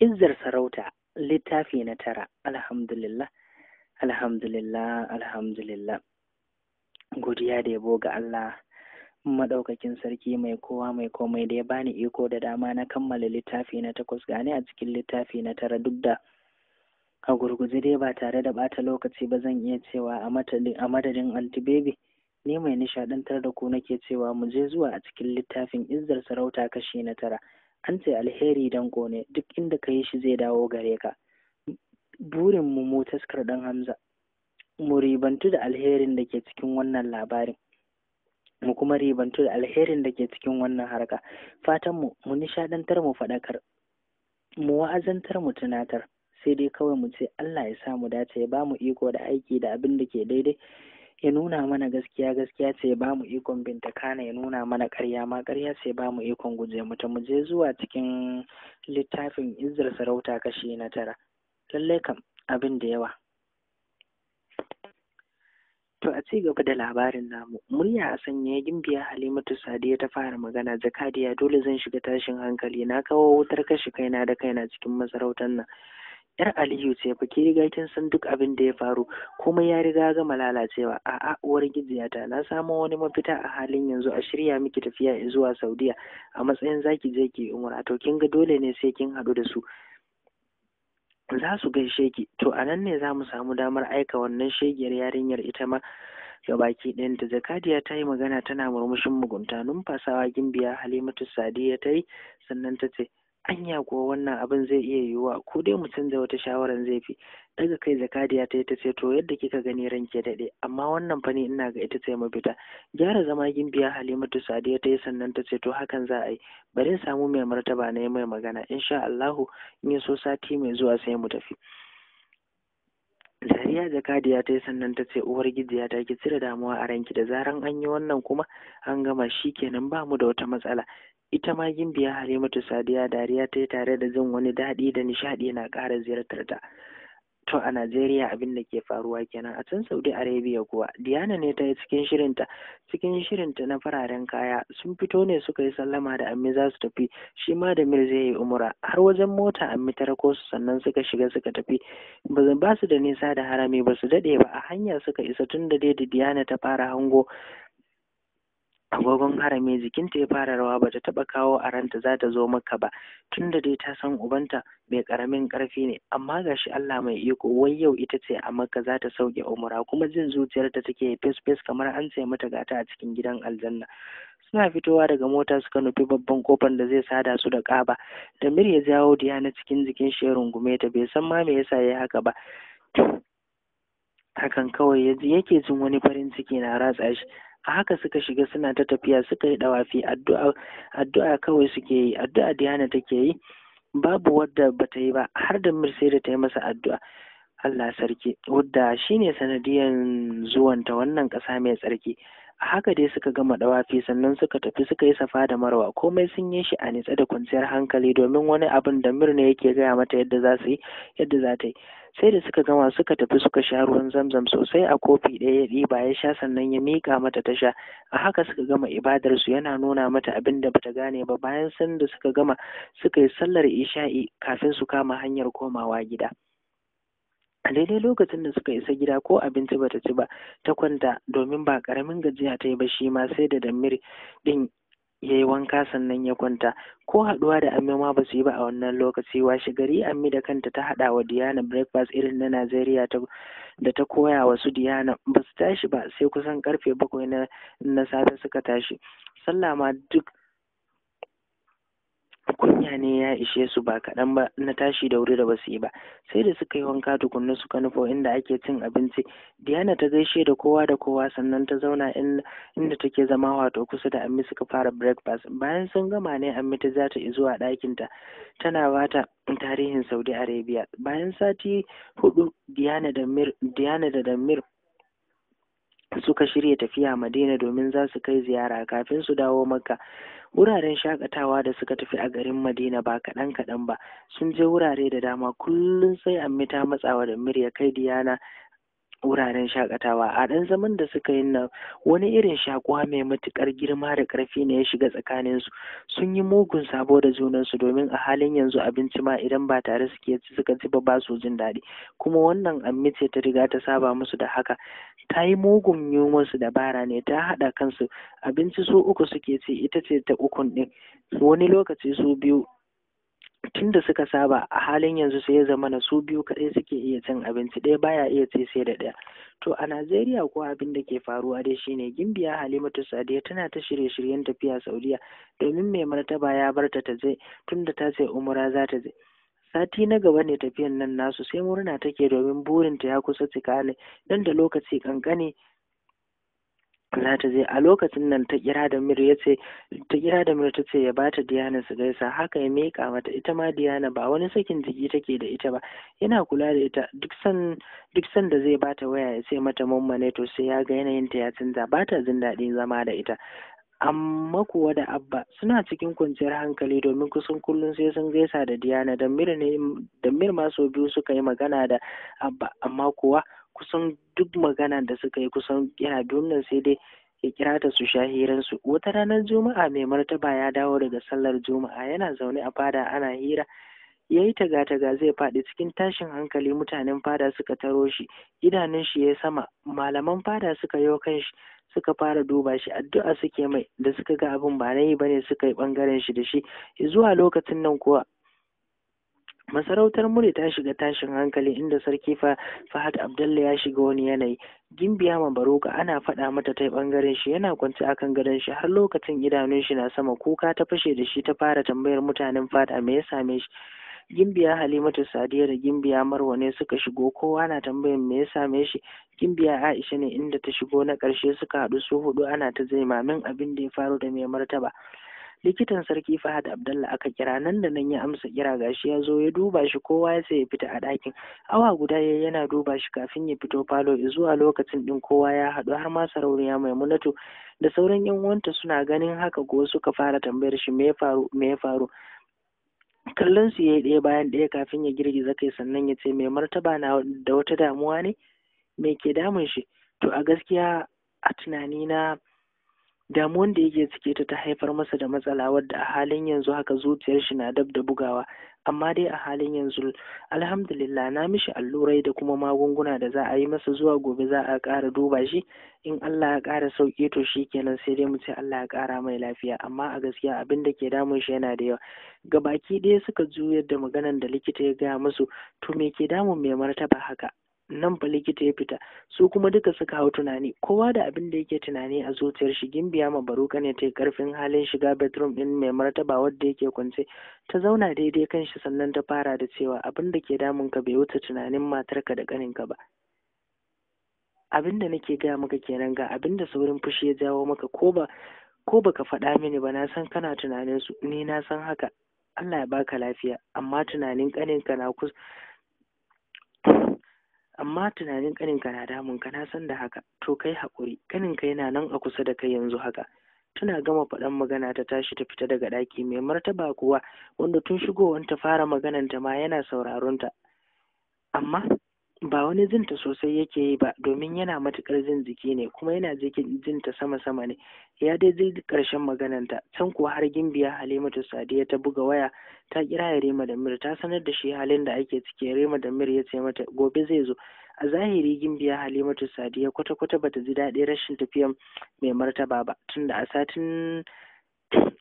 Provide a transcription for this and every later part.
izzar sarauta littafi na tara alhamdulillah alhamdulillah alhamdulillah godiya da yabo ga Allah madaukakin sarki mai kowa mai komai da ya bani iko da dama na kammala littafi na takwas gane a cikin littafi na tara duk da a gurguje dai ba tare da bata lokaci ba zan iya cewa a madadin anti baby ne mai nishadantar da ku nake cewa mu je zuwa a cikin littafin izzar sarauta kashi na tara an ce alheri dan kone duk inda ka yi shi zai dawo gare ka burin mu mu taskar dan hamza mu ribantu da alherin da ke cikin wannan labarin mu kuma ribantu da alherin da ke cikin wannan harka fatan mu mu nishadantar mu faɗakar mu wa'azantar mu tunatar sai dai kawai mu ce Allah ya sa mu dace ya ba mu iko da aiki da abin da ke daidai ya nuna mana gaskiya gaskiya ce ba mu ikon binta kana ya nuna mana karya, ma karya ce bamu ba mu ikon guje mu ta mu je zuwa cikin littafin izzar sarauta kashi na tara lallai kam abin da yawa To a ci gaba da labarin namu, murya a sanya gimbiya Halimatu Sadiya ta fara magana jakadiya dole zan shiga tashin hankali na kawo wutar kashe kaina da kaina cikin masarautar nan. yar aliyu ce fa ki riga kin san duk abin da ya faru kuma ya riga gama lalacewa a'a uwar gijiyata na samo wani mafita a halin yanzu a shirya miki tafiya zuwa saudiya a matsayin zaki je ki umra to kin ga dole ne sai kin haɗu da su za su gaishe ki to a nan ne za mu samu damar aika wannan shegiyar yarinyar ita ma ga baki ɗin?" ɗayanta jakadiya ta yi magana tana murmushin mugunta numfasawa gimbiya halimatu sadiya ta yi sannan ta ce anya kuwa wannan abin zai iya yiwuwa ko dai mu canza wata shawaran zai fi daga kai zakadiya ta yi ta ce to yadda kika gani ranke daɗe amma wannan fa ina ga ita ce mafita gyara zama gimbiya halimatu sadiya ta yi sannan ta ce to hakan za a yi bari in samu mai martaba na yi mai magana insha allahu in yi so sati mai zuwa sai mu tafi zariya jakadiya ta yi sannan ta ce uwar gijiya ta ki cire damuwa a ranki da zaran an yi wannan kuma an gama shi kenan ba mu da wata matsala ita ma gimbiya halimatu sadiya dariya ta yi tare da jin wani daɗi da nishaɗi na ƙara ziyartar ta to a najeriya abin da ke faruwa kenan a can saudi arabia kuwa diana ne ta yi cikin shirinta cikin shirinta na fararen kaya sun fito ne suka yi sallama da ammi za su tafi shi ma da mir zai yi umura har wajen mota ammi ta rako su sannan suka shiga suka tafi ba su da nisa da harami ba su daɗe ba a hanya suka isa tun da dai da diana ta fara hango agogon harami jikinta ya fara rawa bata taɓa kawo a ranta za ta zo maka ba tunda dai ta san ubanta mai ƙaramin ƙarfi ne amma gashi Allah mai iko wai yau ita ce a maka za ta sauke umura kuma jin zuciyarta take fes fes kamar an sai mata gata a cikin gidan aljanna suna fitowa daga mota suka nufi babban kofar da zai sada su da ƙaba da mir ya jawo na cikin jikin shi rungume ta bai san ma me yasa ya haka ba hakan kawai yake jin wani farin ciki na ratsa shi a haka suka shiga suna ta tafiya suka yi dawafi addu'a addu'a kawai suke yi addu'a diyana take yi babu wadda bata yi ba har da Mir da ta yi masa addu'a Allah sarki wadda shine sanadiyan zuwanta wannan ƙasa mai tsarki a haka dai suka gama dawafi sannan suka tafi suka yi safa da marwa komai sun yi shi a nitsa da kwanciyar hankali domin wani abin da mirna yake gaya mata yadda za su yi yadda za ta yi sai da suka gama suka tafi suka sha ruwan zamzam sosai a kofi ɗaya ya ɗiba ya sha sannan ya mika mata ta sha a haka suka gama ibadar su yana nuna mata abin da bata gane ba bayan sun da suka gama suka yi sallar isha'i kafin su kama hanyar komawa gida a daidai lokacin da suka isa gida ko abinci bata ci ba ta kwanta domin ba karamin gajiya ta yi ba shi ma sai da damir ɗin. ya yi wanka sannan ya kwanta ko haɗuwa da amma ma ba su yi ba a wannan lokaci washe gari ammi da kanta ta haɗa wa Diana breakfast irin na najeriya da ta koya wa su diyana ba su tashi ba sai kusan karfe bakwai na safe suka tashi Sallama duk kunya ne ya ishe su ba kaɗan ba na tashi da wuri da ba su yi ba sai da suka yi wanka tukunna suka nufo inda ake cin abinci diana ta gaishe da kowa da kowa sannan ta zauna inda take zama wato kusa da ammi suka fara breakfast bayan sun gama ne ammi ta za ta zuwa ɗakinta tana bata tarihin saudi arabia bayan sati hudu diana da damir suka shirya tafiya madina domin za su kai ziyara kafin su dawo maka. wuraren shakatawa da suka tafi a garin madina ba kaɗan kaɗan ba sun je wurare da dama kullum sai an mita matsawa da murya kai diyana wuraren shakatawa a ɗan zaman da suka yi nan wani irin shakuwa mai matuƙar girma da ƙarfi ne ya shiga tsakaninsu sun yi mugun sabo da junansu domin a halin yanzu abinci ma idan ba tare suke ci suka ci ba su jin daɗi kuma wannan amince ta riga ta saba musu da haka ta yi mugun yunwarsu dabara ne ta haɗa kansu abinci su uku suke ci ita ce ta ukun ɗin wani lokaci su biyu tunda suka saba a halin yanzu sai ya zama na su biyu kaɗai suke iya cin abinci ɗaya baya iya ci sai da ɗaya to a najeriya ko abin da ke faruwa dai shine gimbiya halimatu sadiya tana ta shirye-shiryen tafiya saudiya domin mai martaba ya bar ta je tunda ta ce umura za ta je sati na gaba ne tafiyan nan nasu sai murna take domin burinta ya kusa cika ne nan da lokaci kankane ta zai a lokacin nan ta kira da Mir ya ce ta kira da Mir ta ce ya bata Diana su gaisa haka ya mika mata ita ma Diana ba wani sakin jiki take da ita ba yana kula da ita duk san duk san da zai bata waya ya ce mata mamma ne to sai ya ga yanayin ta ya canza bata jin daɗin zama da ita amma kuwa da abba suna cikin kwanciyar hankali domin kusan kullum sai sun gaisa da Diana da Mir ne da Mir ma sau biyu suka yi magana da abba amma kuwa kusan duk magana da suka yi kusan yana dominan sai dai ya kira ta su sha su wata ranar juma'a mai martaba ya dawo daga sallar juma'a yana zaune a fada ana hira ya yi taga-taga zai faɗi cikin tashin hankali mutanen fada suka taro shi idanun shi ya sama malaman fada suka yi kan shi suka fara duba shi addu'a suke mai da suka ga abin ba na yi bane suka yi bangaren shi da shi zuwa lokacin nan kuwa Masarautar mure ta shiga tashin hankali inda Sarki Fahad abdullahi ya shiga wani yanayi. Gimbiya ma baroka ana faɗa mata ta ɓangaren shi yana kwance akan gadon shi har lokacin idanun shi na sama kuka ta fashe da shi ta fara tambayar mutanen fada me ya same shi. Gimbiya Halimatu Sadiya da Gimbiya Marwa ne suka shigo kowa na tambayar me ya same shi Gimbiya Aisha ne inda ta shigo na ƙarshe suka haɗu su hudu ana ta zai mamin abin da ya faru da mai martaba. likitan sarki fahad abdalla aka kira nan da nan ya amsa kira gashi ya zo ya duba shi kowa ya sai ya fita a ɗakin awa guda ya yana duba shi kafin ya fito falo zuwa lokacin din kowa ya haɗu har ma sarauniya maimunatu da sauran yan uwanta suna ganin haka ko suka fara tambayar shi me ya faru me ya faru kallon su yayi ɗaya bayan ɗaya kafin ya girgiza kai sannan ya ce mai martaba na da wata damuwa ne me ke damun shi to a gaskiya a tunanina damuwan da yake cike ta ta haifar masa da matsala wadda a halin yanzu haka zuciyar shi na dab da bugawa amma dai a halin yanzu alhamdulillah na mishi allurai da kuma magunguna da za a yi masa zuwa gobe za a kara duba shi in Allah ya ƙara sauƙi to shi kenan sai dai mu ce Allah ya kara mai lafiya amma a gaskiya abin da ke damun shi yana da yawa ga baki ɗaya suka juyar da maganan da likita ya gaya musu to me ke damun mai martaba haka nan fa likita ya fita su kuma duka suka hau tunani kowa da abin da yake tunani a zuciyar shi gimbiya ma baruka ne ta yi karfin halin shiga bedroom din mai martaba wadda yake kwance ta zauna daidai kan shi sannan ta fara da cewa abin da ke damun ka bai wuce tunanin matarka da kaninka ba abin da nake gaya maka kenan ga abin da saurin fushi ya jawo maka ko ba ko baka faɗa mini ba na san kana tunanin su ni na san haka Allah ya baka lafiya amma tunanin kaninka na kusa. amma tunanin ƙaninka na damun ka na san da haka to kai haƙuri ƙaninka yana nan a kusa da kai yanzu haka tana gama faɗan magana ta tashi ta fita daga ɗaki mai martaba kuwa wanda tun shigowanta ta fara maganan ta ma yana sauraron ta amma ba wani jinta sosai yake yi ba domin yana matukar jin jiki ne kuma yana jinta sama-sama ne ya dai ji karshen magananta can kuwa har gimbiya halimatu sadiya ta buga waya ta kira ya rema da mir ta sanar da shi halin da ake ciki ya rema da mir ya ce mata gobe zai zo a zahiri gimbiya halimatu sadiya kwata-kwata bata ji daɗin rashin tafiyan mai martaba ba tunda a satin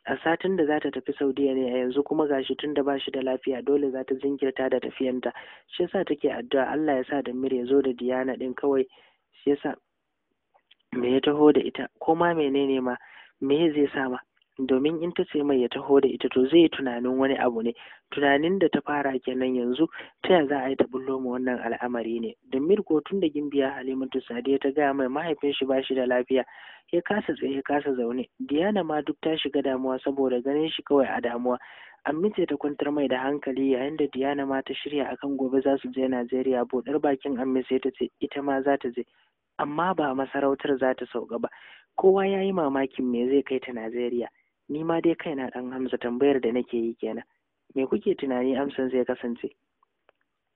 a satin da za ta tafi saudiya ne a yanzu kuma gashi tun da bashi da lafiya dole za ta jinkirta da tafiyanta shi yasa take addu'a Allah ya sa da mir ya zo da Diyana din kawai shi yasa me ya taho da ita ko ma menene ma me zai sa ma domin in ta ce mai ya taho da ita to zai yi tunanin wani abu ne tunanin da ta fara kenan yanzu ta ya za a yi ta bullo mu wannan al'amari ne Da mirko, tun da gimbiya halimatu ya ta gaya mai mahaifin shi bashi da lafiya ya kasa tsaye ya kasa zaune diana ma duk ta shiga damuwa saboda ganin shi kawai a damuwa amince ta kwantar mai da hankali yayin da diana ma ta shirya akan gobe za su je najeriya buɗar bakin amince ta ce ita ma za ta je amma ba masarautar za ta sauka ba kowa ya yi mamakin me zai kai ta najeriya ni ma dai kaina ɗan hamza tambayar da nake yi kenan me kuke tunani amsar zai kasance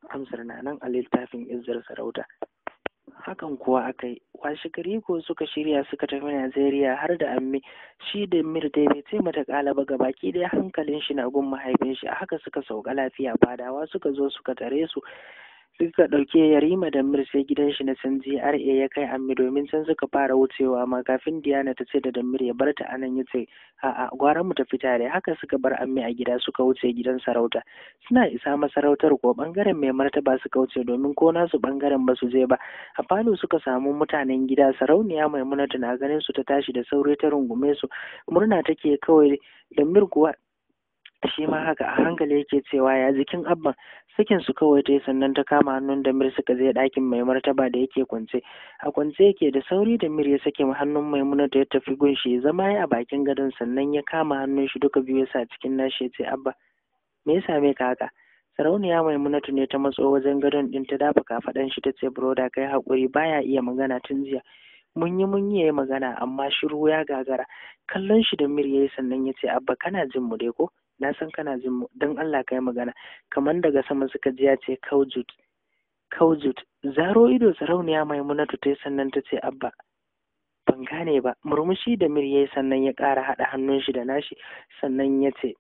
amsar na nan a littafin izzar sarauta hakan kuwa aka yi washe gari ko suka shirya suka tafi najeriya har da amme shi da mir dai bai ce mata kala ba gabaki dai hankalin shi na gun mahaifin shi haka suka sauka lafiya fadawa suka zo suka tare su suka ɗauki yarima da Mirce sai gidan shi na can gra ya kai ammi domin can suka fara wucewa Amma kafin diana ta ce da damir ya bar ta anan ya ce a'a gwaran mu tafi tare haka suka bar ammi a gida suka wuce gidan sarauta suna isa masarautar ko bangaren mai martaba suka wuce domin ko nasu bangaren ba su je ba a falo suka samu mutanen gida sarauniya maimuna na ganin su ta tashi da sauri ta rungume su murna take kawai damir kuwa shi ma haka a hankali yake cewa ya jikin abban sakin su kawai ta yi sannan ta kama hannun da mir suka je ɗakin mai martaba da yake kwance a kwance yake da sauri da mir ya sake hannun maimuna ta ya tafi gunshi ya zama ya a bakin gadon sannan ya kama hannun shi duka biyu sa cikin nashi ya ce abba me ya same ka haka sarauniya maimunatu ne ta matso wajen gadon din ta dafa kafaɗan shi ta ce broda kai haƙuri baya iya magana tun jiya mun yi mun yi magana amma shiru ya gagara kallon shi da mir yi sannan ya ce abba kana jin mu dai ko na san kana jin mu don Allah ka yi magana kamar daga sama suka ji ya ce kaujut kaujut zaro ido sarauniya maimunatu ta sannan ta ce abba ban gane ba murmushi da mirye sannan ya ƙara haɗa hannun shi da nashi sannan ya ce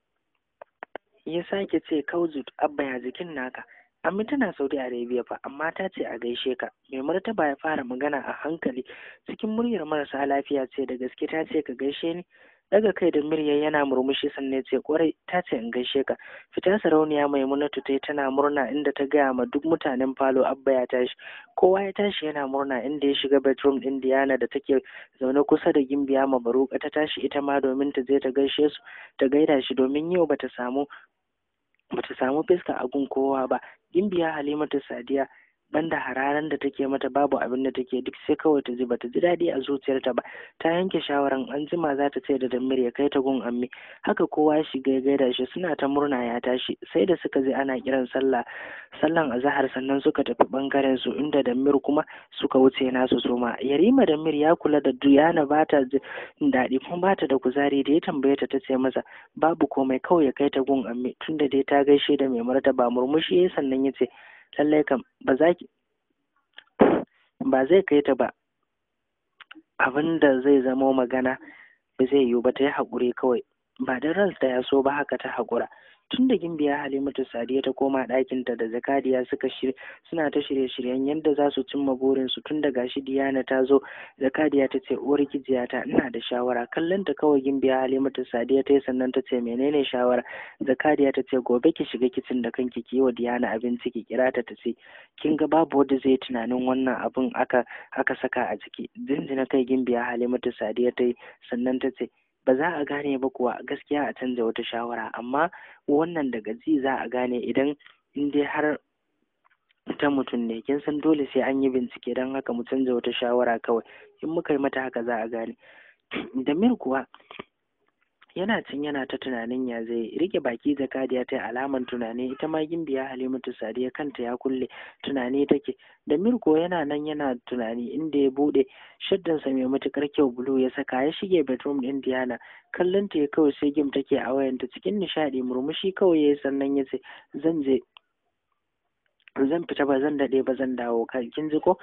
ya sake ce kaujut abba ya jikin naka amma tana saudi arabia fa amma ta ce a gaishe ka mai martaba ya fara magana a hankali cikin muryar marasa lafiya ce da gaske ta ce ka gaishe ni daga kai da murya yana murmushi sannan ya ce kwarai ta ce in gaishe ka fita sarauniya maimunatu tai tana murna inda ta gaya ma duk mutanen falo abba ya tashi kowa ya tashi yana murna inda ya shiga bedroom din diana da take zaune kusa da gimbiya ma baruka ta tashi ita ma domin ta je ta gaishe su ta gaida shi domin yau bata samu bata samu fiska a gun kowa ba gimbiya halimatu sadiya banda hararan da take mata babu abin da take duk sai kawai ta ji bata ji daɗi a zuciyarta ba ta yanke shawaran an jima za ta ce da damir ya kai ta gun amme haka kowa shi gaigai da shi suna ta murna ya tashi sai da suka je ana kiran sallah sallan azahar sannan suka tafi bangaren su inda damir kuma suka wuce nasu suma yarima damir ya kula da duyana ba ta daɗi kuma ba ta da kuzari da ya tambaye ta ta ce masa babu komai kawai ya kai ta gun amme tunda dai ta gaishe da mai martaba murmushi sannan ya ce lallai kam ba za ki ba zai kai ta ba abin da zai zamo magana ba zai yiwu ba ta yi haƙuri kawai ba da ranta ya so ba haka ta haƙura tun da gimbiya halimatu sadiya ta koma ɗakinta da zakariya suka suna ta shirye-shiryen yadda za su cimma burinsu tun da gashi diyana ta zo zakariya ta ce uwar ta, ina da shawara kallon ta kawai gimbiya halimatu sadiya ta yi sannan ta ce menene shawara zakariya ta ce gobe ki shiga kicin da kanki ki yi wa diyana abinci ki kira ta ta ce kin ga babu wanda zai tunanin wannan abin aka saka a ciki jinjina kai gimbiya halimatu sadiya ta yi sannan ta ce ba za a gane ba kuwa gaskiya a canza wata shawara amma wannan daga ji za a gane idan in dai har ta mutum ne kin san dole sai an yi bincike don haka mu canza wata shawara kawai in muka yi mata haka za a gane damir kuwa yana cin yana ta tunanin ya zai rike baki ya ta yi alaman tunani ita ma gimbiya halimatu sadiya kanta ya kulle tunani take da mirko yana nan yana tunani inda ya bude shaddansa mai matukar kyau bulu ya saka ya shige bedroom Indiana, diana kallon ta kawai sai gim take a wayanta cikin nishadi murmushi kawai ya sannan ya ce zan je zan fita ba zan daɗe ba zan dawo kai kin ji ko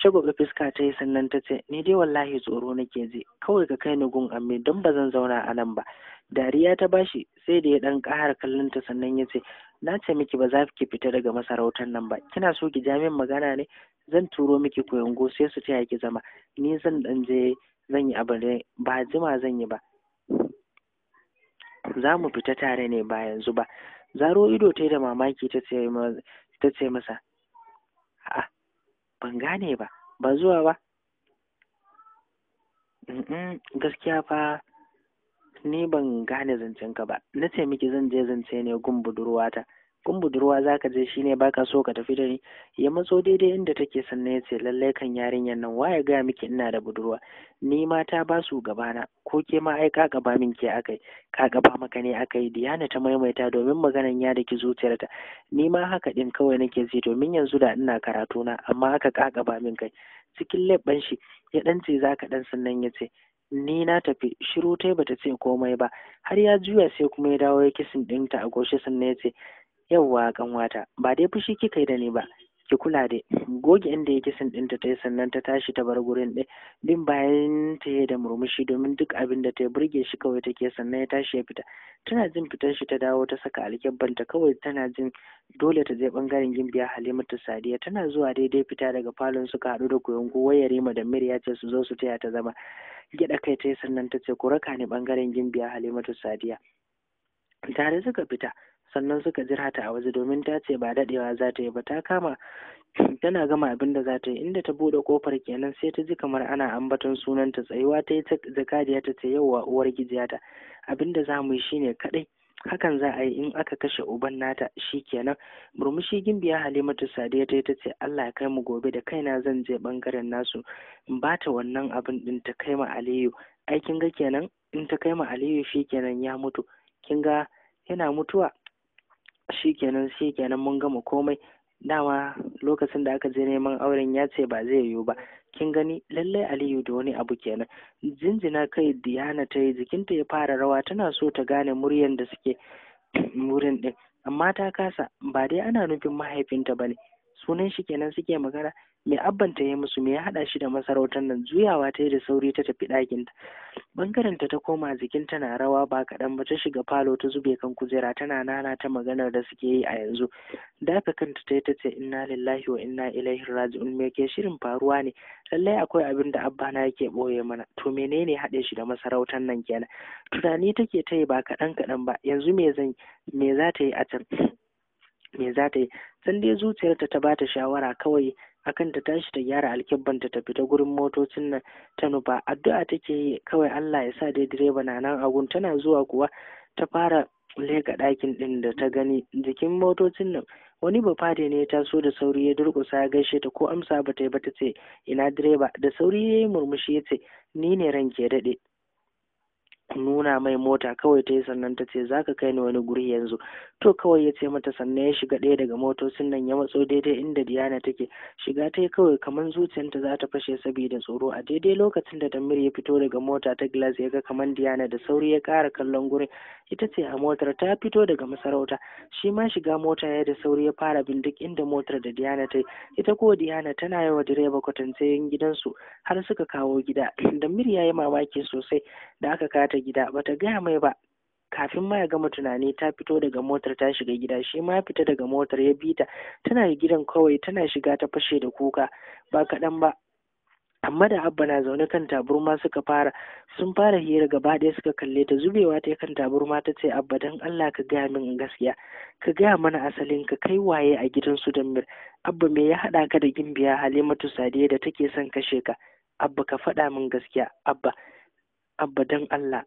shagwabe fuska ta yi sannan ta ce ni dai wallahi tsoro nake ji kawai ka kai ni gun amme don ba zan zauna a nan ba dariya ta bashi sai da ya ɗan ƙara kallon ta sannan ya ce na ce miki ba za ki fita daga masarautar nan ba kina so ki ja min magana ne zan turo miki koyango sai su taya ki zama ni zan dan je zan yi abu ba jima zan yi ba za mu fita tare ne ba yanzu ba zaro ido ta da mamaki ta ce ta ce masa a'a ban gane ba ba zuwa ba gaskiya fa ni ban gane zancen ka ba na ce miki zan je zance ne gun budurwata kun budurwa za ka je shine baka so ka tafi da ni ya matso daidai inda take sannan ya ce lallai kan yarinyar nan waye gaya miki ina da budurwa ni ma ta ba su gabana ko ke ma ai ka gaba min ke akai ka gaba maka ne akai diyana ta maimaita domin maganan ya da ki zuciyarta ni ma haka din kawai nake ji domin yanzu da ina karatu na amma aka ka gaba min kai cikin leɓɓan shi ya dan ce za ka dan sannan ya ce ni na tafi shiru tai bata ce komai ba har ya juya sai kuma ya dawo ya kisin dinta a goshi sannan ya ce Yawwa, kanwata ba dai fushi kika yi da ni ba ki kula da goge inda yake sun ɗin ta yi sannan ta tashi ta bar gurin ɗin bin bayan ta yi da murmushi domin duk abin da ta burge shi kawai take sannan ya tashi ya fita tana jin fitar shi ta dawo ta saka alkyabban ta kawai tana jin dole ta je bangaren gimbiya halimatu sadiya tana zuwa daidai fita daga falon suka haɗu da koyon wayar rima da miriya ya ce su zo su taya ta zama gyaɗa kai ta yi sannan ta ce ku raka ni bangaren gimbiya halimatu sadiya tare suka fita sannan suka jira ta a waje domin ta ce ba daɗewa za ta yi ba ta kama tana gama abin da za ta yi inda ta buɗe kofar kenan sai ta ji kamar ana ambaton sunanta tsayuwa ta yi zakariya ta ce yauwa uwar gijiyata abin da za mu yi shine kaɗai hakan za a yi in aka kashe uban nata shi kenan murmushi gimbiya halimatu sadiya ta yi, ta ce allah ya kai mu gobe da kaina zan je bangaren nasu in ba ta wannan abin din ta kai ma aliyu aikin ga kenan in ta kai ma aliyu shi kenan ya mutu kin ga yana mutuwa shikenan shikenan mun gama komai dama lokacin da aka je neman auren ya ce ba zai yiwu ba kin gani lallai aliyu da wani abu kenan jinjina kai diana ta yi jikinta ya fara rawa tana so ta gane muryan da suke wurin din amma ta kasa ba dai ana nufin mahaifinta ba ne sunan shi kenan suke magana me abbanta ya musu me ya haɗa shi da masarautar nan juyawa ta yi da sauri ta tafi ta bangaren ta koma jikin tana rawa ba kaɗan ba ta shiga falo ta zube kan kujera tana nana ta maganar da suke yi a yanzu dafe kanta ta yi ta ce inna lillahi wa inna ilaihi raji'un me ke shirin faruwa ne lallai akwai abin da abba na yake boye mana to menene haɗe shi da masarautar nan kenan tunani take ta yi ba kaɗan kaɗan ba yanzu me zan me za ta yi a can me za ta yi san dai zuciyarta ta bata shawara kawai akan ta tashi ta gyara alkibban ta tafi ta gurin motocin nan ta nufa addu'a take yi kawai Allah ya sa dai direba na nan agun tana zuwa kuwa ta fara leka ɗakin ɗin da ta gani jikin motocin nan wani ba fade ne ta so da sauri ya durƙusa ya gaishe ta ko amsa ba ta yi ba ta ce ina direba da sauri ya yi murmushi ya ce ni ne ranke daɗe nuna mai mota kawai ta yi sannan ta ce zaka kai ni wani guri yanzu to kawai ya ce mata sannan ya shiga ɗaya daga motocin nan ya matso daidai inda Diana take shiga ta yi kawai kamar zuciyanta, za ta fashe saboda tsoro a daidai lokacin da Tamir ya fito daga mota ta glass ya ga kamar Diana da sauri ya ƙara kallon gurin ita ce a motar ta fito daga masarauta shi ma shiga mota ya da sauri ya fara bin duk inda motar da Diana ta yi ita ko Diana tana yi wa direba kwatantayen gidansu har suka kawo gida Damir ya yi mamaki sosai da aka kata gida bata gaya mai ba kafin ma ya gama tunani ta fito daga motar ta shiga gida shi ma ya fita daga motar ya bita. ta tana gidan kawai tana shiga ta fashe da kuka ba kaɗan ba amma da abba na zaune kan taburma suka fara sun fara hira gaba ɗaya suka kalle ta zubewa ta kan taburma ta ce abba dan allah ka gaya min gaskiya ka gaya mana asalin ka kai waye a gidan su mir abba me ya haɗa ka da gimbiya halimatu sadiya da take son kashe ka abba ka faɗa min gaskiya abba abba dan Allah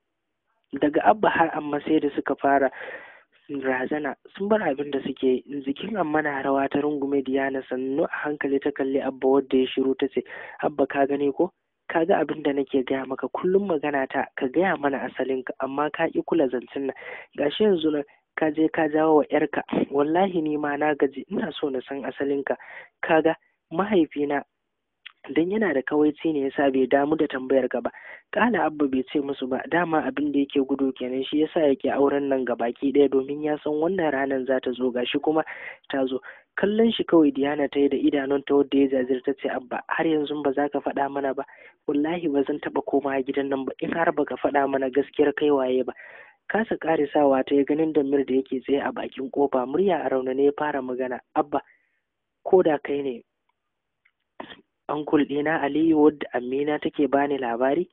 daga abba har amma sai da suka fara razana sun bar abin da suke jikin amma na rawa ta rungume diyana sannu a hankali ta kalli abba wadda ya shiru ta ce abba ka gane ko ka ga abin da nake gaya maka kullum magana ta ka gaya mana asalinka amma ka ƙi kula zancen nan gashi yanzu nan ka je ka jawo wa yarka wallahi ni ma na gaji ina so na san asalinka kaga mahaifina dan yana da kawaici ne yasa bai damu da tambayar gaba. ba abba bai ce musu ba dama abin da yake gudu kenan shi yasa yake auren nan ga baki ɗaya domin ya san wannan ranar za ta zo gashi kuma ta zo kallon shi kawai Diana ta yi da ta wadda ya jazir ta ce abba har yanzu ba za ka faɗa mana ba wallahi ba zan taɓa komawa gidan nan ba in har ba ka faɗa mana gaskiyar kai waye ba kasa sawa ta yi ganin da mir da yake tsaye a bakin kofa murya a ne ya fara magana abba ko da kai ne ankul ɗina aliyu wadda amina take bani labari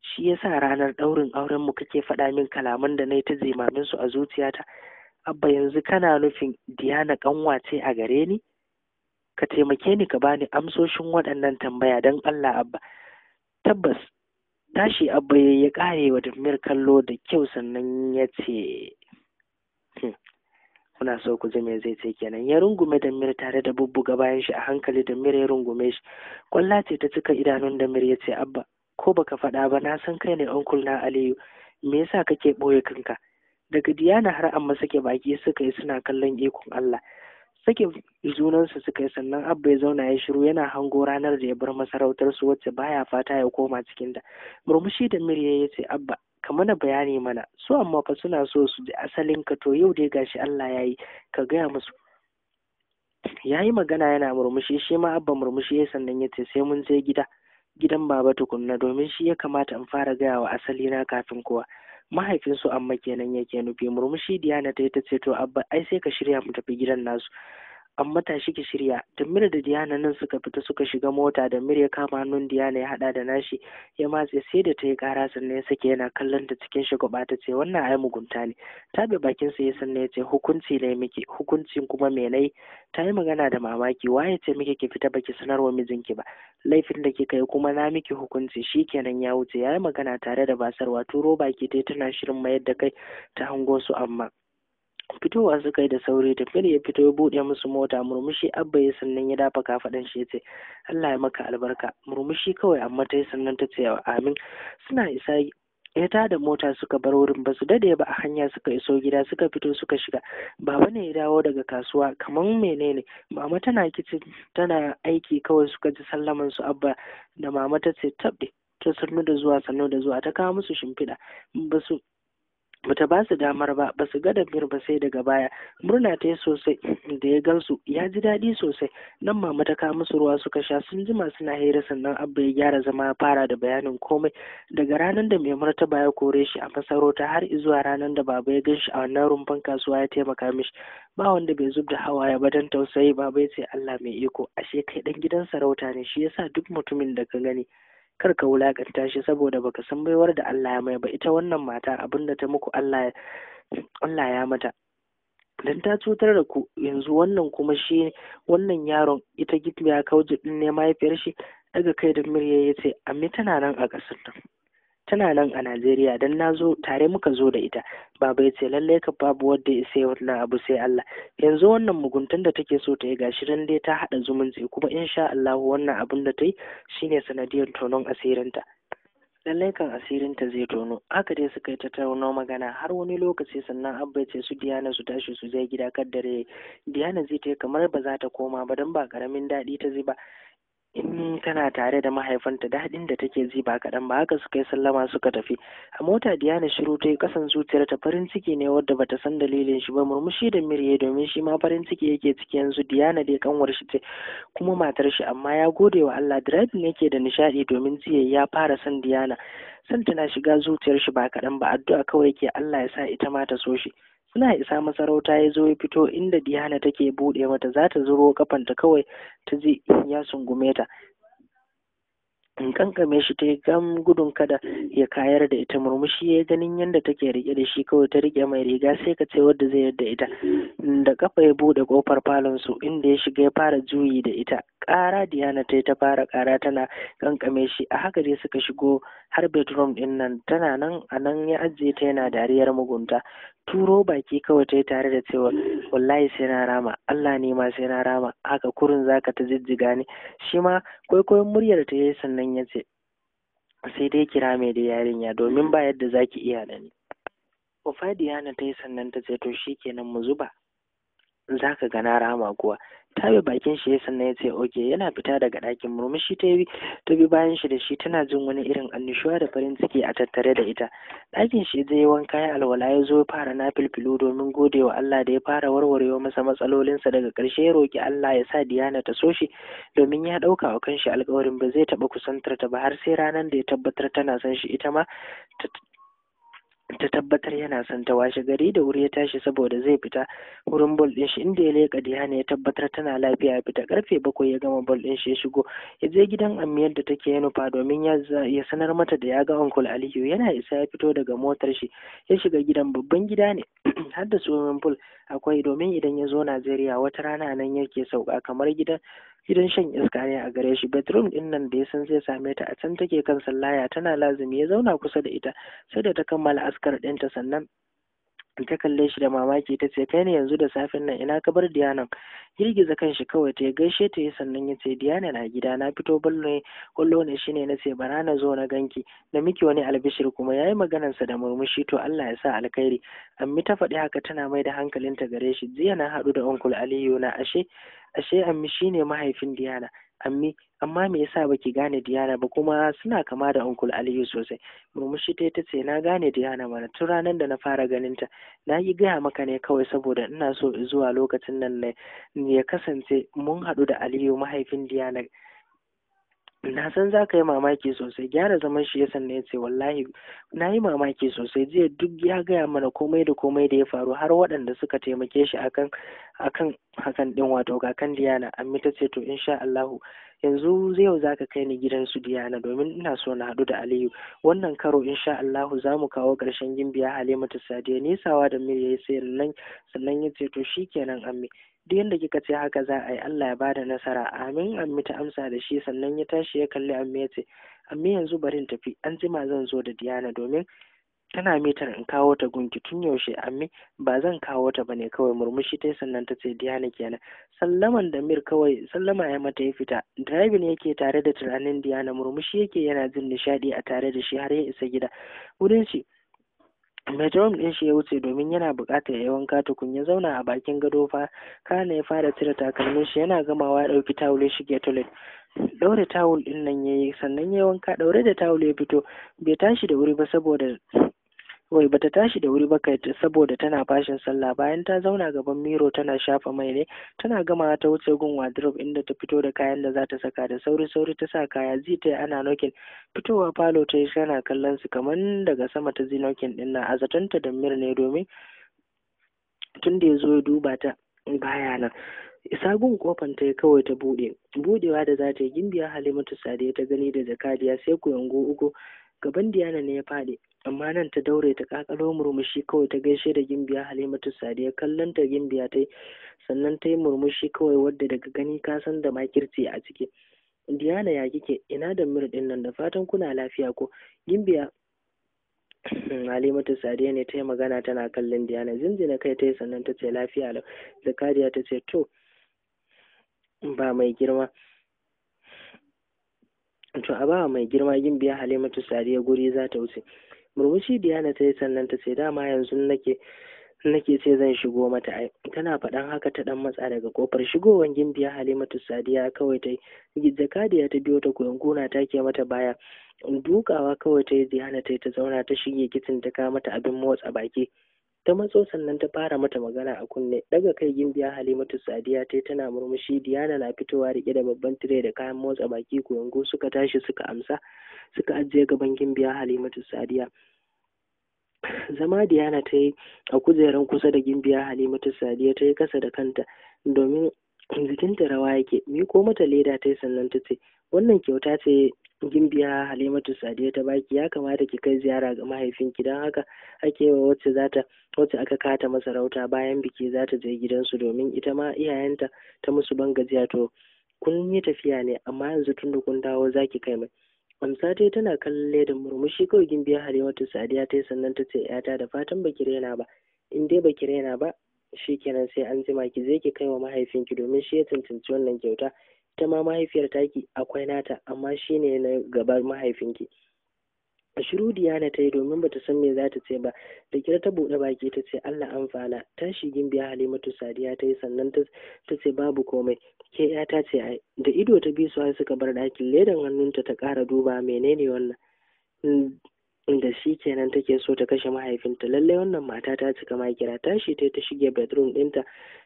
shi ya sa ranar ɗaurin aurenmu kake faɗa min kalaman da na yi ta jimamin su a zuciyata abba yanzu kana nufin diana ƙanwa ce a gare ni ka taimake ni ka bani amsoshin waɗannan tambaya don allah abba tabbas tashi abba ya ƙare wa kallo da kyau sannan ya ce hmm, kuna so ku ji zai ce kenan ya rungume da mir tare da bubbuga bayan shi a hankali da mir ya rungume shi kwalla ce ta cika idanun da mir ya ce abba ko baka faɗa ba na san kai ne onkul na aliyu me yasa kake ɓoye kanka daga diyana har amma sake baki suka yi suna kallon ikon allah sake junansu suka yi sannan abba ya zauna ya shiru yana hango ranar da ya bar masarautar su wacce baya fata ya koma cikin da murmushi da mir ya ce abba ka mana bayani mana su amma fa suna so su ji asalin ka to yau dai gashi Allah ya yi ka gaya musu ya yi magana yana murmushi shi ma abba murmushi ya sannan ya ce sai mun je gida gidan baba tukunna domin shi ya kamata in fara gaya wa asali na kafin kowa mahaifin su amma kenan yake nufi murmushi diana ta ta ce to abba ai sai ka shirya mu tafi gidan nasu amma tashi ki shirya tamira da Diana nan suka fita suka shiga mota da mir ya kama hannun Diana ya haɗa da nashi ya matse sai da ta yi kara sannan ya sake yana kallon ta cikin gaba ta ce wannan ai mugunta ne Ta bi bakin sa ya sannan ya ce hukunci ne miki hukuncin kuma me nayi ta yi magana da mamaki waye ce miki ki fita baki sanarwa mijinki ba laifin da kika yi kuma na miki hukunci kenan ya wuce ya yi magana tare da basarwa turo baki dai tana shirin mayar da kai ta hango su amma fitowa suka yi da sauri tafiyar ya fito ya buɗe musu mota murmushi abba ya sannan ya dafa kafaɗan shi ya ce Allah ya maka albarka murmushi kawai amma ta yi sannan ta ce amin suna isa ya da mota suka bar wurin ba su dade ba a hanya suka iso gida suka fito suka shiga baba ne ya dawo daga kasuwa kamar menene mama tana kicin tana aiki kawai suka ji sallaman su abba da mama ta ce tabde ta sannu da zuwa sannu da zuwa ta kawo musu shimfiɗa ba su bata ba su damar ba ba su ga ba sai daga baya murna ta yi sosai da ya gansu ya ji daɗi sosai nan mama ta kawo musu ruwa suka sha sun ji jima suna hira sannan abba ya gyara zama ya fara da bayanin komai daga ranar da mai martaba ya kore shi a masarauta har zuwa ranar da baba ya gan shi a wannan rumfan kasuwa ya taimaka mishi ba wanda bai zub da hawaye ba don tausayi baba ya ce Allah mai iko ashe kai dan gidan sarauta ne shi yasa duk mutumin da ka gani kar ka wulakanta shi saboda baka san baiwar da Allah ya mai ba ita wannan mata da ta muku Allah Allah ya mata dan ta cutar da ku yanzu wannan kuma shi wannan yaron ita gitliya kauji din ne mahaifiyar shi daga kai da murya ya ce amma tana nan a kasar nan tana nan a Najeriya dan na zo tare muka zo da ita baba ya ce lallai ka babu wanda ya sai wannan abu sai Allah yanzu wannan muguntan da take so ta yi gashi dan dai ta hada zumunci kuma insha Allah wannan abun da ta yi shine sanadiyar tonon asirinta lallai kan asirinta zai tono haka dai suka yi ta tauno magana har wani lokaci sannan abba ya ce su diyana su tashi su je gida kaddare dare diyana zai ta kamar ba za ta koma ba don ba karamin daɗi ta zuba. In tana tare da mahaifinta daɗin da take ji ba kaɗan ba haka suka yi sallama suka tafi. A mota Diana shiru ta yi kasan ta farin ciki ne wadda bata san dalilin shi ba murmushi da mirye domin shi ma farin ciki yake ciki yanzu Diana dai kanwar shi ce kuma matar shi amma ya gode wa Allah driving yake da nishaɗi domin jiya ya fara san Diana. San tana shiga zuciyar shi ba kaɗan ba addu'a kawai yake Allah ya sa ita ma ta so shi. suna isa masarauta ya zo ya fito inda Diana take buɗe mata za ta zuro kafanta kawai ta ji ya sungume ta in kankame shi ta yi gam gudun kada ya kayar da ita murmushi ya ganin yadda take rike da shi kawai ta rike mai riga sai ka ce wadda zai yadda ita da kafa ya bude kofar falon su inda ya shiga ya fara juyi da ita kara diana ta ta fara kara tana kankame shi a haka dai suka shigo har bedroom din nan tana nan a nan ya ajiye ta yana dariyar mugunta turo baki kawai ta yi tare da cewa wallahi sai na rama Allah ne ma sai na rama haka kurin zaka ta jijjiga ne shi ma kwaikwayon muryar ta yi sannan nan ya ce sai dai kira mai da yarinya domin ba yadda za ki iya da ni. Ofadiya na ta yi sannan ta ce to shi kenan mu zuba za ka ga na rama kuwa ta bi bakin shi sannan ya ce oke yana fita daga ɗakin murmushi ta yi ta bi bayan shi da shi tana jin wani irin annishuwa da farin ciki a tattare da ita ɗakin shi zai wanka ya alwala ya zo fara na filfilu domin gode wa Allah da ya fara warwarewa masa matsalolinsa daga ƙarshe ya roƙi Allah ya sa Diyana ta so shi domin ya ɗauka wa kanshi alƙawarin ba zai taɓa kusantar ta ba har sai ranar da ya tabbatar tana son shi ita ma ta tabbatar yana son ta washe gari da wuri ya tashi saboda zai fita wurin bol din shi inda ya leka Diana ya tabbatar tana lafiya ya fita karfe bakwai ya gama bol din shi ya shigo ya je gidan amiyar da take ya nufa domin ya sanar mata da ya ga uncle Aliyu yana isa ya fito daga motar shi ya shiga gidan babban gida ne har da swimming pool akwai domin idan ya zo Najeriya wata rana nan yake sauka kamar gidan gidan shan iska ne a gare shi bedroom din nan da yasan zai same ta a can take kan sallaya tana lazumi ya zauna kusa da ita sai da ta kammala askar ɗinta sannan ta kalle shi da mamaki ta ce kai ne yanzu da safen nan ina ka bar diyanan girgiza kan shi kawai ta gaishe ta yi sannan ya ce diyana na gida na fito ballo ne kullo ne shine na ce bara na zo na ganki da miki wani albishir kuma yayi maganarsa da murmushi to Allah ya sa alkhairi ammi ta faɗi haka tana mai da hankalinta gare shi jiya na haɗu da onkul aliyu na ashe ashe ammi shine mahaifin diyana ammi amma me yasa baki gane Diana ba kuma suna kama da Uncle Aliyu sosai murmushi ta ta ce na gane Diana mana tun ranar da na fara ganin ta na yi gaya maka ne kawai saboda ina so zuwa lokacin nan ne ya kasance mun haɗu da Aliyu mahaifin Diana na san za ka yi mamaki sosai gyara zaman shi ya sanna ya ce wallahi na yi mamaki sosai jiya duk ya gaya mana komai da komai da ya faru har waɗanda suka taimake shi akan akan hakan din wato kakan diyana amma ta ce to insha allahu yanzu yau za ka kai ni gidan su diyana domin ina so na haɗu da aliyu wannan karo insha allahu za mu kawo ƙarshen gimbiya ta sadiya nisawa da miri ya yi sannan ya ce to shikenan amma. duk yadda kika ce haka za a yi Allah ya bada nasara amin ammi ta amsa da shi sannan ya tashi ya kalli ammi ya ce ammi yanzu barin tafi an jima zan zo da diyana. domin tana mitar in kawo ta gunki tun yaushe ammi ba zan kawo ta bane kawai murmushi ta sannan ta ce Diana kenan sallaman da Mir kawai sallama ya mata ya fita drivin yake tare da tunanin diyana, murmushi yake yana jin nishadi a tare da shi har ya isa gida wurin shi Bedroom ɗin shi ya wuce domin yana buƙatar ya wanka tukun ya zauna a bakin gado fa kana ya fara cire takalmin shi yana gamawa ya ɗauki tawul shi shige toilet. Ɗaure tawul ɗin nan ya yi sannan ya wanka ɗaure da tawul ya fito bai tashi da wuri ba saboda Wai bata tashi da wuri ba saboda tana fashin sallah bayan ta zauna gaban miro tana shafa mai ne tana gama ta wuce gun wardrobe inda ta fito da kayan da za ta saka da sauri sauri ta sa kaya ji ta ana nokin fitowa falo ta yi tana kallon su kamar daga sama ta ji nokin din nan a da mir ne domin tun da ya zo ya duba ta baya nan gun kofan ta kawai ta bude budewa da za ta yi gimbiya halimatu sadiya ta gani da jakadiya sai kuyango uku gaban diyana ne ya faɗi amma nan ta daure ta kakalo murmushi kawai ta gaishe da gimbiya halimatu sadiya kallon ta gimbiya ta sannan ta yi murmushi kawai wadda daga gani ka san da makirci a ciki diana ya kike ina da mir din nan da fatan kuna lafiya ko gimbiya halimatu sadiya ne ta yi magana tana kallon diana zinzina kai ta yi sannan ta ce lafiya lau zakariya ta ce to ba mai girma to a ba mai girma gimbiya halimatu sadiya guri za ta wuce murmushi Diana ta yi sannan ta ce dama yanzu nake nake ce zan shigo mata ai tana faɗan haka ta ɗan matsa daga kofar shigowar gimbiya halimatu sadiya kawai ta yi jakadiya ta biyo ta koyon ta ke mata baya dukawa kawai ta yi diana ta ta zauna ta shige kitin ta kama mata abin motsa baki ta matso sannan ta fara mata magana a kunne daga kai gimbiya halimatu sadiya ta tana murmushi diana na fitowa rike da babban tire da kayan motsa baki koyango suka tashi suka amsa suka ajiye gaban gimbiya halimatu sadiya zama diana ta yi a kujerar kusa da gimbiya halimatu sadiya ta yi kasa da kanta domin jikinta rawa yake miko mata leda ta yi sannan ta ce wannan kyauta ce gimbiya halimatu sadiya ta baki ya kamata ki kai ziyara ga mahaifinki don haka ake wa wacce zata wacce aka kata masarauta bayan biki zata je gidansu domin ita ma iyayenta ta musu ban gajiya to kun yi tafiya ne amma yanzu tun da kun dawo zaki kai mai amsa dai tana kallon ledan murmushi kawai gimbiya halimatu sadiya ta yi sannan ta ce yata da fatan baki raina ba in dai baki raina ba kenan sai an zima ki zai ki kai wa mahaifinki domin shi ya cancanci wannan kyauta ita ma mahaifiyar taki akwai nata amma shi ne na gabar mahaifinki shiru diyana ta yi domin bata san me za ta ce ba da kira ta buɗe baki ta ce allah amfana tashi gimbiya halimatu sadiya ta yi sannan ta ce babu komai ke ya ta ce ai da ido ta bi su har suka bar ɗakin ledan hannunta ta ƙara duba menene wannan inda shi kenan take so ta kashe mahaifinta lallai wannan mata ta cika makira tashi ta ta shige bedroom ɗinta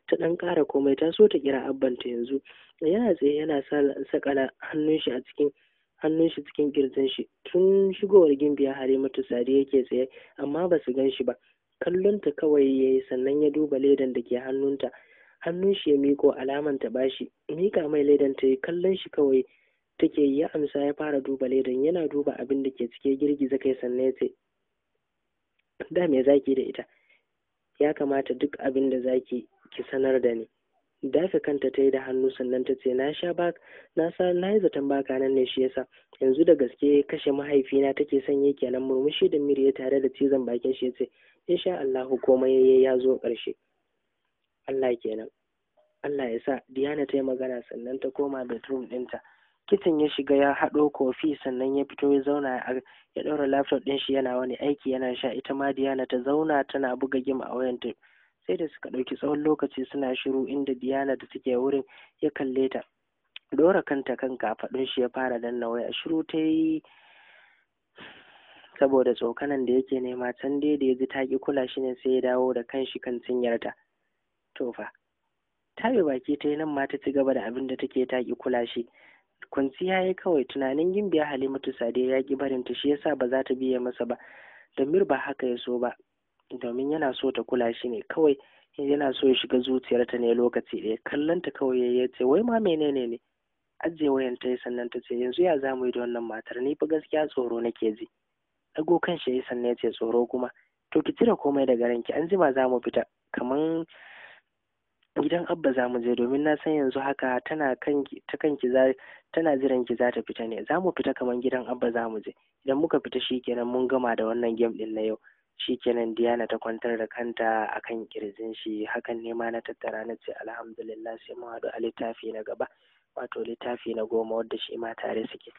ta ɗan kara komai ta so ta kira Abban ta yanzu yana tsaye yana sakala hannun shi a cikin hannun shi cikin kirjin shi tun shigowar gimbiya mata sadi yake tsaye amma ba su gan shi ba ta kawai ya yi sannan ya duba ledan da ke hannunta hannun shi ya miko alaman ta bashi mika mai ledan ta yi kallon shi kawai take yi ya amsa ya fara duba ledan yana duba abin da ke cike girgiza kai sannan ya ce da me zaki da ita ya kamata duk abin da zaki ki sanar da ni dafe kanta ta yi da hannu sannan ta ce na sha ba na sa na yi zaton baka nan ne shi yasa yanzu da gaske kashe mahaifina take sanye kenan murmushi da miri ya tare da cizon bakin shi ya ce insha Allahu komai yayi ya zo ƙarshe Allah kenan Allah ya sa Diana ta yi magana sannan ta koma bedroom ɗinta. kitchen ya shiga ya haɗo kofi sannan ya fito ya zauna ya ɗaura laptop ɗin shi yana wani aiki yana sha ita ma Diana ta zauna tana buga game a wayanta sai da suka ɗauki tsawon lokaci suna shiru inda Diana da take wurin ya kalle ta ɗora kanta kan kafaɗun shi ya fara danna waya shiru ta yi saboda tsokanan da yake nema can dai da ya ji ta ki kula shi ne sai ya dawo da kanshi kan ta to fa tabe baki ta yi nan ma ta ci gaba da abin da take ta ki kula shi kwanciya ya kawai tunanin yin gimbiya halimatu sadiya ya ki barinta shi yasa ba za ta biya masa ba damir ba haka ya so ba domin yana so ta kula shi ne kawai yana so ya shiga zuciyarta ne lokaci ɗaya kallon ta kawai ya ce wai ma menene ne ajiye wayan ta sannan ta ce yanzu ya za mu yi da wannan matar ni fa gaskiya tsoro nake ji ɗago kan shi ya sannan ya ce tsoro kuma to ki cire komai daga ranki an ma za mu fita kaman gidan abba za mu je domin na san yanzu haka tana kan ta kanki za tana jiran ki za ta fita ne za mu fita kamar gidan abba za mu je idan muka fita shikenan mun gama da wannan game ɗin na yau shikenan Diana ta kwantar da kanta akan kirjin shi hakan ne ma na tattara na ce alhamdulillah sai mun haɗu a littafi na gaba wato littafi na goma wadda shi ma tare suke